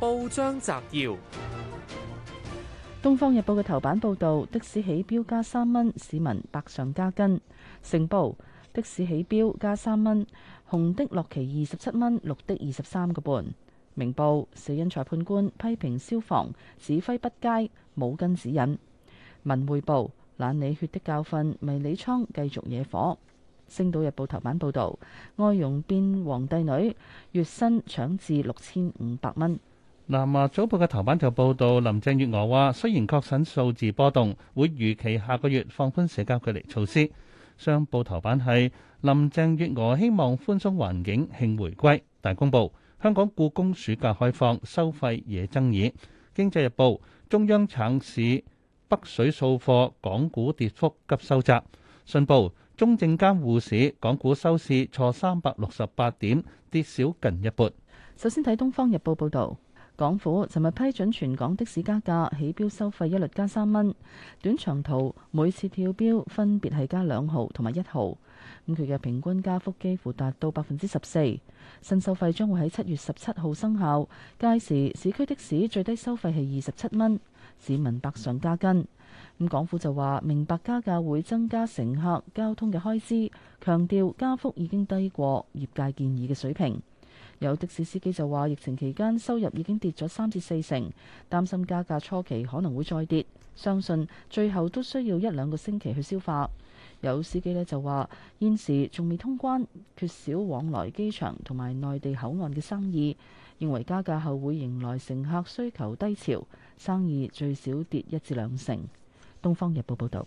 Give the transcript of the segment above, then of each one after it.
報章摘要：《東方日報》嘅頭版報道的士起標加三蚊，市民百上加斤。成報的士起標加三蚊，紅的落旗二十七蚊，綠的二十三個半。明報死因裁判官批評消防指揮不佳，冇跟指引。文匯報懶理血的教訓，迷你倉繼續惹火。星島日報頭版報道外傭變皇帝女，月薪搶至六千五百蚊。南華早報嘅頭版就報道，林鄭月娥話，雖然確診數字波動，會預期下個月放寬社交距離措施。商報頭版係林鄭月娥希望寬鬆環境慶回歸。大公報：香港故宮暑假開放，收費惹爭議。經濟日報：中央省市北水掃貨，港股跌幅急收窄。信報：中證監護市港股收市挫三百六十八點，跌少近一半。首先睇東方日報報道。港府尋日批准全港的士加價起標收費一律加三蚊，短長途每次跳標分別係加兩毫同埋一毫。咁佢嘅平均加幅幾乎達到百分之十四。新收費將會喺七月十七號生效。屆時市區的士最低收費係二十七蚊，市民百上加斤。咁港府就話明白加價會增加乘客交通嘅開支，強調加幅已經低過業界建議嘅水平。有的士司機就話：疫情期間收入已經跌咗三至四成，擔心加價初期可能會再跌，相信最後都需要一兩個星期去消化。有司機呢就話：現時仲未通關，缺少往來機場同埋內地口岸嘅生意，認為加價後會迎來乘客需求低潮，生意最少跌一至兩成。《東方日報》報道。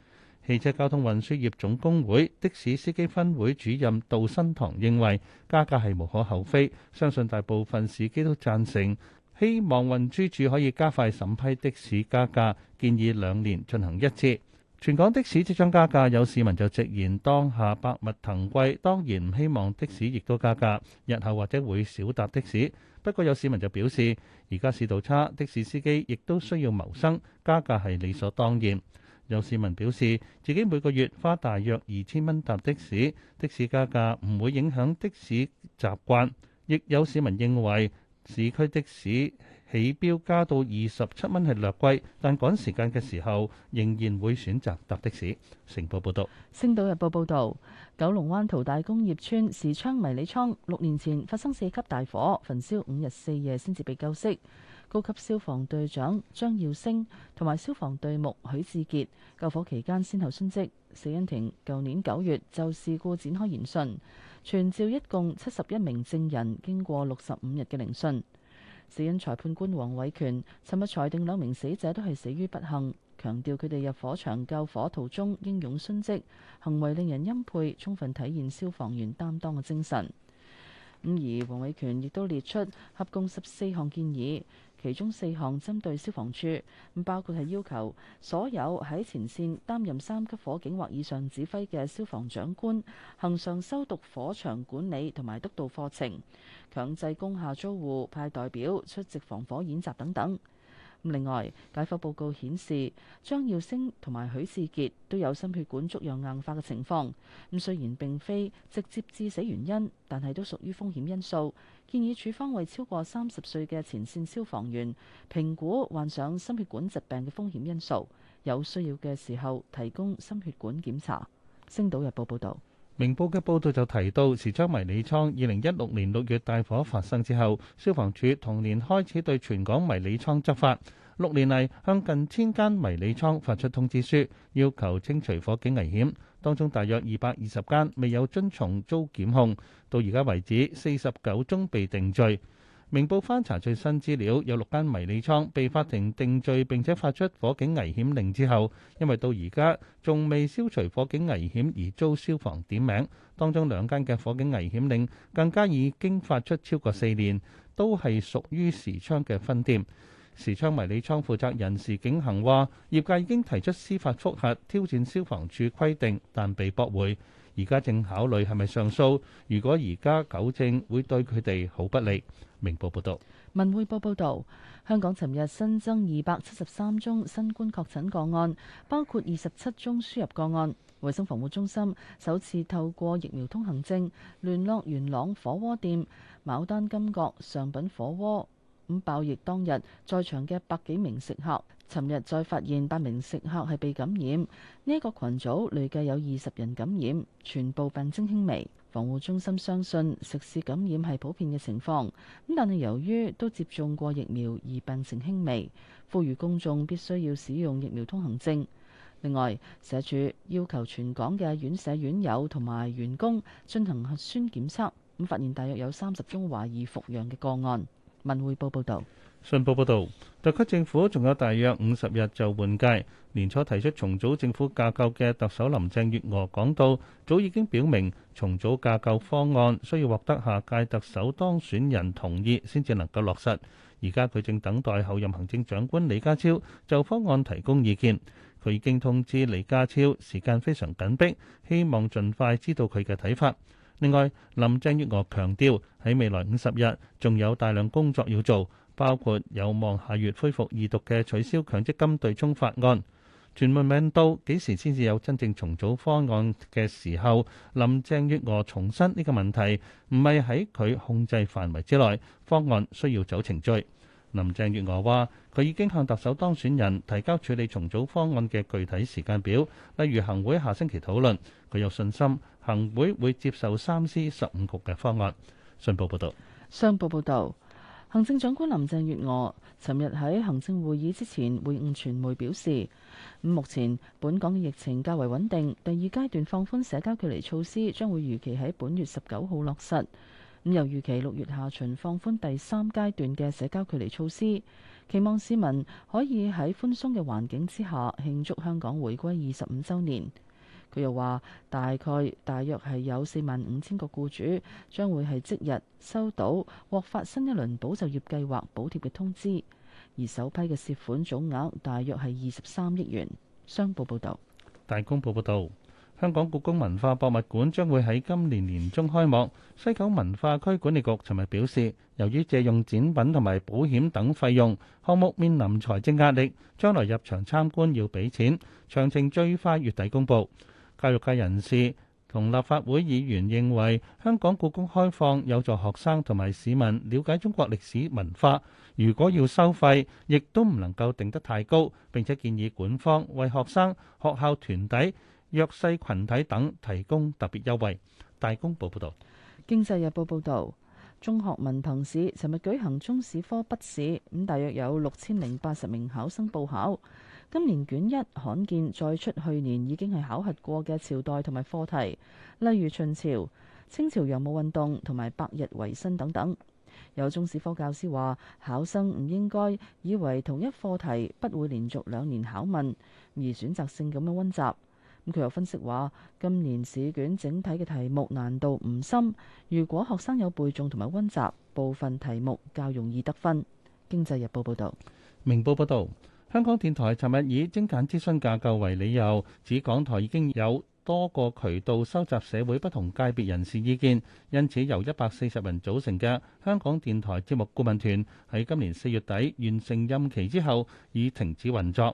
汽車交通運輸業總工會的士司機分會主任杜新堂認為加價係無可厚非，相信大部分司機都贊成。希望運輸署可以加快審批的士加價，建議兩年進行一次。全港的士即將加價，有市民就直言當下百物騰貴，當然唔希望的士亦都加價。日後或者會少搭的士，不過有市民就表示而家市道差，的士司機亦都需要謀生，加價係理所當然。有市民表示，自己每個月花大約二千蚊搭的士，的士加價唔會影響的士習慣，亦有市民認為市區的士起標加到二十七蚊係略貴，但趕時間嘅時候仍然會選擇搭的士。成報報道，星島日報報道，九龍灣淘大工業村時昌迷你倉六年前發生四級大火，焚燒五日四夜先至被救熄。高級消防隊長張耀升同埋消防隊目許志傑救火期間先後殉職。死因庭舊年九月就事故展開聆訊，傳召一共七十一名證人，經過六十五日嘅聆訊。死因裁判官黃偉權尋日裁定兩名死者都係死於不幸，強調佢哋入火場救火途中英勇殉職，行為令人欽佩，充分體現消防員擔當嘅精神。咁而黃偉權亦都列出合共十四項建議。其中四項針對消防處，包括係要求所有喺前線擔任三級火警或以上指揮嘅消防長官，恆常修讀火場管理同埋督導課程，強制工廈租戶派代表出席防火演習等等。另外，解剖報告顯示張耀星同埋許志傑都有心血管粥樣硬化嘅情況。咁雖然並非直接致死原因，但係都屬於風險因素。建議處方為超過三十歲嘅前線消防員評估患上心血管疾病嘅風險因素，有需要嘅時候提供心血管檢查。星島日報報導。明報嘅報道就提到，時昌迷你倉二零一六年六月大火發生之後，消防處同年開始對全港迷你倉執法，六年嚟向近千間迷你倉發出通知書，要求清除火警危險，當中大約二百二十間未有遵從遭檢控，到而家為止，四十九宗被定罪。明報翻查最新資料，有六間迷你倉被法庭定罪並且發出火警危險令之後，因為到而家仲未消除火警危險而遭消防點名，當中兩間嘅火警危險令更加已經發出超過四年，都係屬於時昌嘅分店。時昌迷你倉負責人時景恆話：業界已經提出司法覆核挑戰消防處規定，但被駁回。而家正考慮係咪上訴，如果而家糾正會對佢哋好不利。明報報導，文匯報報導，香港尋日新增二百七十三宗新冠確診個案，包括二十七宗輸入個案。衛生防護中心首次透過疫苗通行證聯絡元朗火鍋店牡丹金閣上品火鍋，咁爆疫當日在場嘅百幾名食客。尋日再發現八名食客係被感染，呢、這、一個群組累計有二十人感染，全部病徵輕微。防護中心相信食肆感染係普遍嘅情況，咁但係由於都接種過疫苗而病情輕微，呼籲公眾必須要使用疫苗通行證。另外，社署要求全港嘅院舍院友同埋員工進行核酸檢測，咁發現大約有三十宗懷疑復陽嘅個案。文匯報報道。信報報導，特區政府仲有大約五十日就換屆。年初提出重組政府架構嘅特首林鄭月娥講到，早已經表明重組架構方案需要獲得下屆特首當選人同意先至能夠落實。而家佢正等待候任行政長官李家超就方案提供意見。佢已經通知李家超，時間非常緊迫，希望盡快知道佢嘅睇法。另外，林鄭月娥強調喺未來五十日仲有大量工作要做。包括有望下月恢復二讀嘅取消強積金對沖法案。傳媒問到幾時先至有真正重組方案嘅時候，林鄭月娥重申呢個問題唔係喺佢控制範圍之內，方案需要走程序。林鄭月娥話，佢已經向特首當選人提交處理重組方案嘅具體時間表，例如行會下星期討論。佢有信心行會會會接受三司十五局嘅方案。信報報道。商報報導。行政長官林鄭月娥尋日喺行政會議之前會晤傳媒，表示目前本港嘅疫情較為穩定，第二階段放寬社交距離措施將會如期喺本月十九號落實。咁又預期六月下旬放寬第三階段嘅社交距離措施，期望市民可以喺寬鬆嘅環境之下慶祝香港回歸二十五週年。佢又話：大概大約係有四萬五千個僱主將會係即日收到獲發新一輪保就業計劃補貼嘅通知，而首批嘅涉款總額大約係二十三億元。商報報道。大公報報道，香港故宮文化博物館將會喺今年年中開幕。西九文化區管理局尋日表示，由於借用展品同埋保險等費用，項目面臨財政壓力，將來入場參觀要俾錢，詳情最快月底公佈。教育界人士同立法會議員認為，香港故宮開放有助學生同埋市民了解中國歷史文化。如果要收費，亦都唔能夠定得太高。並且建議管方為學生、學校團體、弱勢群體等提供特別優惠。大公報報導，《經濟日報》報導，中學文憑試尋日舉行中史科筆試，咁大約有六千零八十名考生報考。今年卷一罕見再出去年已經係考核過嘅朝代同埋課題，例如秦朝、清朝洋務運動同埋百日維新等等。有中史科教師話考生唔應該以為同一課題不會連續兩年考問，而選擇性咁樣溫習，咁佢又分析話今年試卷整體嘅題目難度唔深，如果學生有背誦同埋溫習，部分題目較容易得分。經濟日報報道，明報報道。香港電台尋日以精簡諮詢架構為理由，指港台已經有多個渠道收集社會不同界別人士意見，因此由一百四十人組成嘅香港電台節目顧問團喺今年四月底完成任期之後，已停止運作。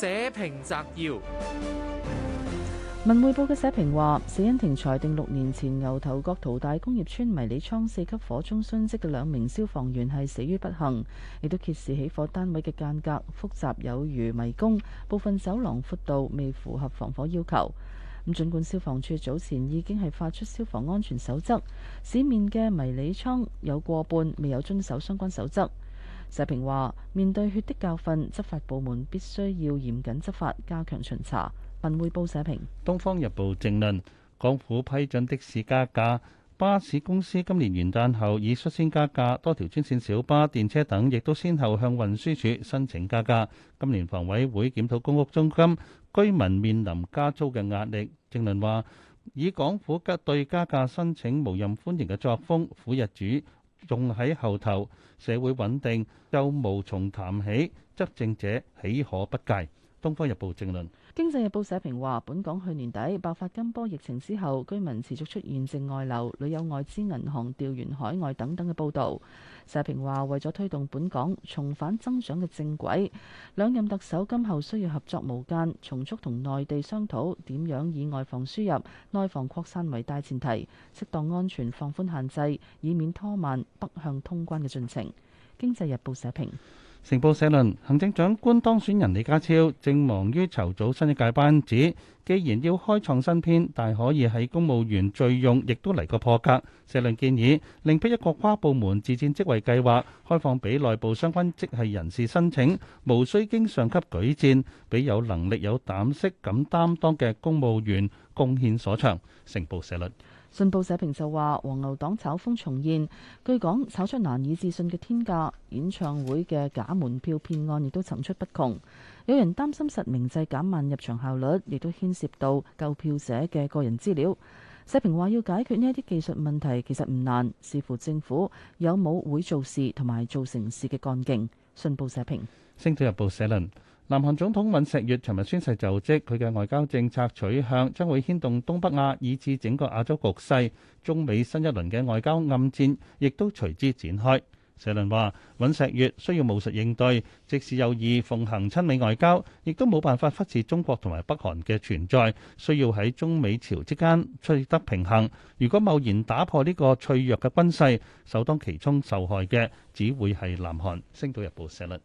社評摘要：文匯報嘅社評話，死因庭裁定六年前牛頭角淘大工業村迷你倉四級火中殉職嘅兩名消防員係死於不幸，亦都揭示起火單位嘅間隔複雜有如迷宮，部分走廊闊度未符合防火要求。咁儘管消防處早前已經係發出消防安全守則，市面嘅迷你倉有過半未有遵守相關守則。社評話：面對血的教訓，執法部門必須要嚴謹執法，加強巡查。文匯報社評，《東方日報》正論：港府批准的士加價，巴士公司今年元旦後已率先加價，多條專線小巴、電車等亦都先後向運輸署申請加價。今年房委會檢討公屋中心，居民面臨加租嘅壓力。正論話：以港府對加價申請無任歡迎嘅作風，苦日主，仲喺後頭，社會穩定又無從談起。執政者豈可不戒？《東方日報》正論。經濟日報社評話：本港去年底爆發今波疫情之後，居民持續出現淨外流、屢有外資銀行調員海外等等嘅報導。社評話，為咗推動本港重返增長嘅正軌，兩任特首今後需要合作無間，從速同內地商討點樣以外防輸入、內防擴散為大前提，適當安全放寬限制，以免拖慢北向通關嘅進程。經濟日報社評。成報社論，行政長官當選人李家超正忙於籌組新一屆班子。既然要開創新篇，但可以喺公務員續用，亦都嚟個破格。社論建議另闢一個跨部門自薦職位計劃，開放俾內部相關職系人士申請，無需經上級舉薦，俾有能力有膽識敢擔當嘅公務員貢獻所長。成報社論。信報社評就話：黃牛黨炒風重現，據講炒出難以置信嘅天價演唱會嘅假門票騙案亦都層出不窮。有人擔心實名制減慢入場效率，亦都牽涉到購票者嘅個人資料。社評話：要解決呢一啲技術問題，其實唔難，視乎政府有冇會做事同埋做成事嘅幹勁。信報社評，社《星島日報》社論。南韓總統尹錫悅尋日宣誓就職，佢嘅外交政策取向將會牽動東北亞以至整個亞洲局勢。中美新一輪嘅外交暗戰亦都隨之展開。社論話，尹錫悅需要務實應對，即使有意奉行親美外交，亦都冇辦法忽視中國同埋北韓嘅存在，需要喺中美朝之間取得平衡。如果貿然打破呢個脆弱嘅均勢，首當其衝受害嘅只會係南韓。星島日報社論。